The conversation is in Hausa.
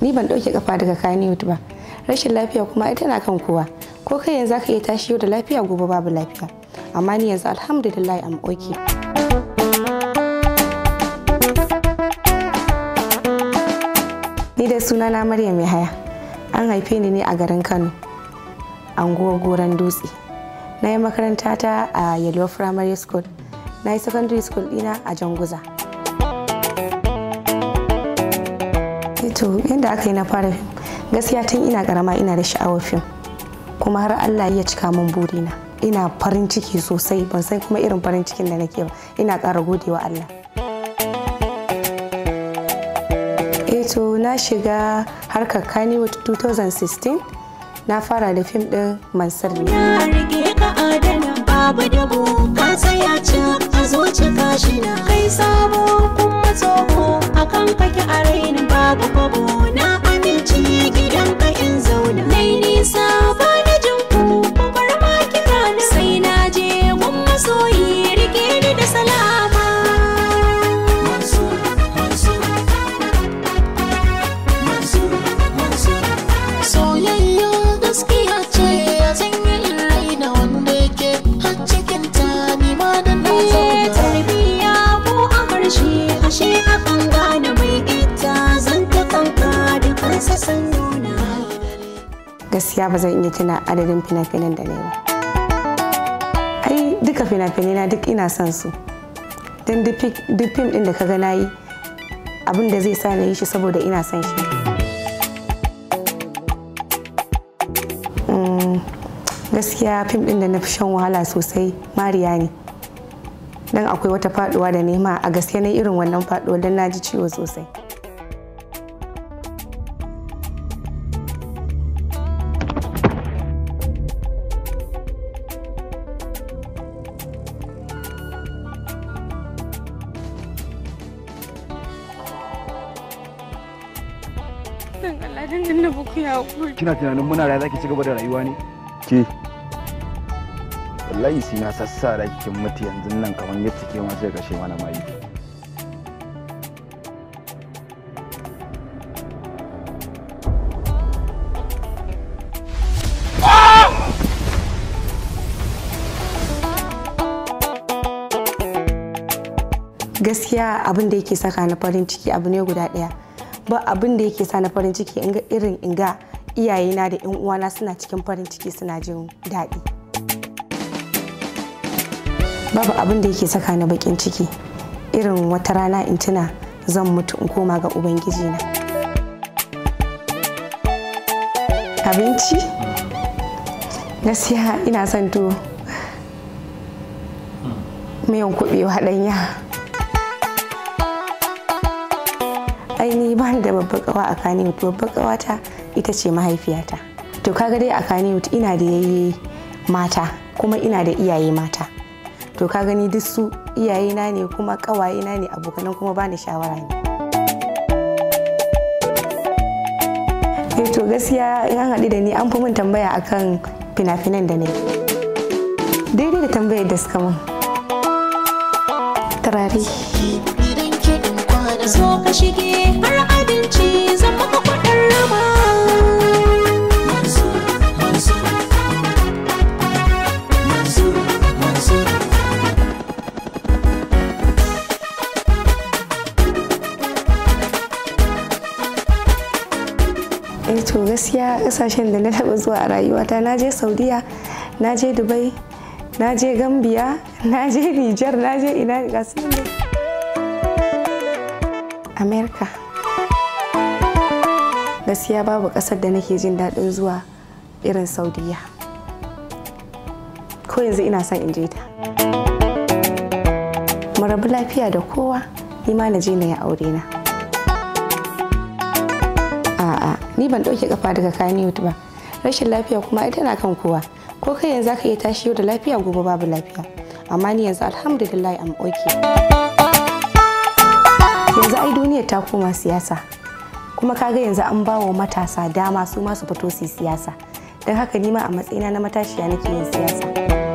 ni ban ɗauke kafa daga yutu ba rashin lafiya kuma ita na kan kowa ko kai yanzu ka iya tashi yau da lafiya gobe babu lafiya amma ni yanzu alhamdulillah am okay ni da suna na maryam yahaya an haife ni ne a garin kano anguwar goron dutse na yi makaranta ta a yellow primary school na yi secondary school dina a janguza to yadda aka yi na fara gaskiya tun ina karama ina da sha'awar fim kuma har allah ya cika min burina ina farin ciki sosai ban san kuma irin farin cikin da nake ba ina ƙara godewa allah eh to na shiga harkar kaniwood 2016 na fara da fim ɗin mansar ne kai sabo kuma tsoho akan kake a ashe kanga da mai ita zan ta kanka da nuna gaskiya ba zan iya tuna adadin fina-finan da na yi ba ai duka fina-finai na duk ina son su don duk fim din da kaga na yi abin da zai sa na yi shi saboda ina son shi mm, gaskiya fim ɗin da na fi shan wahala sosai mariya ne dan akwai wata faduwa da nema a gaske na irin wannan faduwa dan naji ciwo sosai kina tunanin muna raya zaki ci gaba da rayuwa ne ke laisi na sassara kin mutu yanzu nan kamar yadda ke ma sai kashe mana mai gaskiya abin da yake saka na farin ciki abu ne guda ɗaya ba abin da yake sa na farin ciki irin inga iyayena da 'yan uwana suna cikin farin ciki suna jin daɗi babu abin da yake saka na bakin ciki irin wata rana in tuna zan mutu in koma ga ubangiji na abinci gaskiya ina son tuwo miyan kuɓewa ɗanya aini ba ni da babbar kawa a kaniyut babbar kawata ita ce mahaifiyata to kaga dai a kaniyut ina da yayi mata kuma ina da iyaye mata to ka gani duk su iyayena ne kuma ƙawayena ne abokanan kuma bani shawara ne eh to gaskiya an haɗu da ni an fi mun tambaya akan fina-finan da ne daidai da tambayar da suka min turare eh to gaskiya kasashen da na taba zuwa a rayuwata na je saudiya na je dubai na je gambia na je nijar na je ina ga america gaskiya babu kasar da nake jin daɗin zuwa irin saudiya ko yanzu ina son in je ta mu rabu lafiya da kowa ni ma na je na ya aure na ni ban ɗauke kafa daga kayan ba rashin lafiya kuma ai tana kan kowa ko kai yanzu zaka iya tashi yau da lafiya gobe babu lafiya amma ni yanzu alhamdulillah am oke. yanzu ai duniyar ta koma siyasa kuma kaga yanzu an ba matasa dama su ma su fito su siyasa don haka ni ma a matsayina na matashiya nake yin siyasa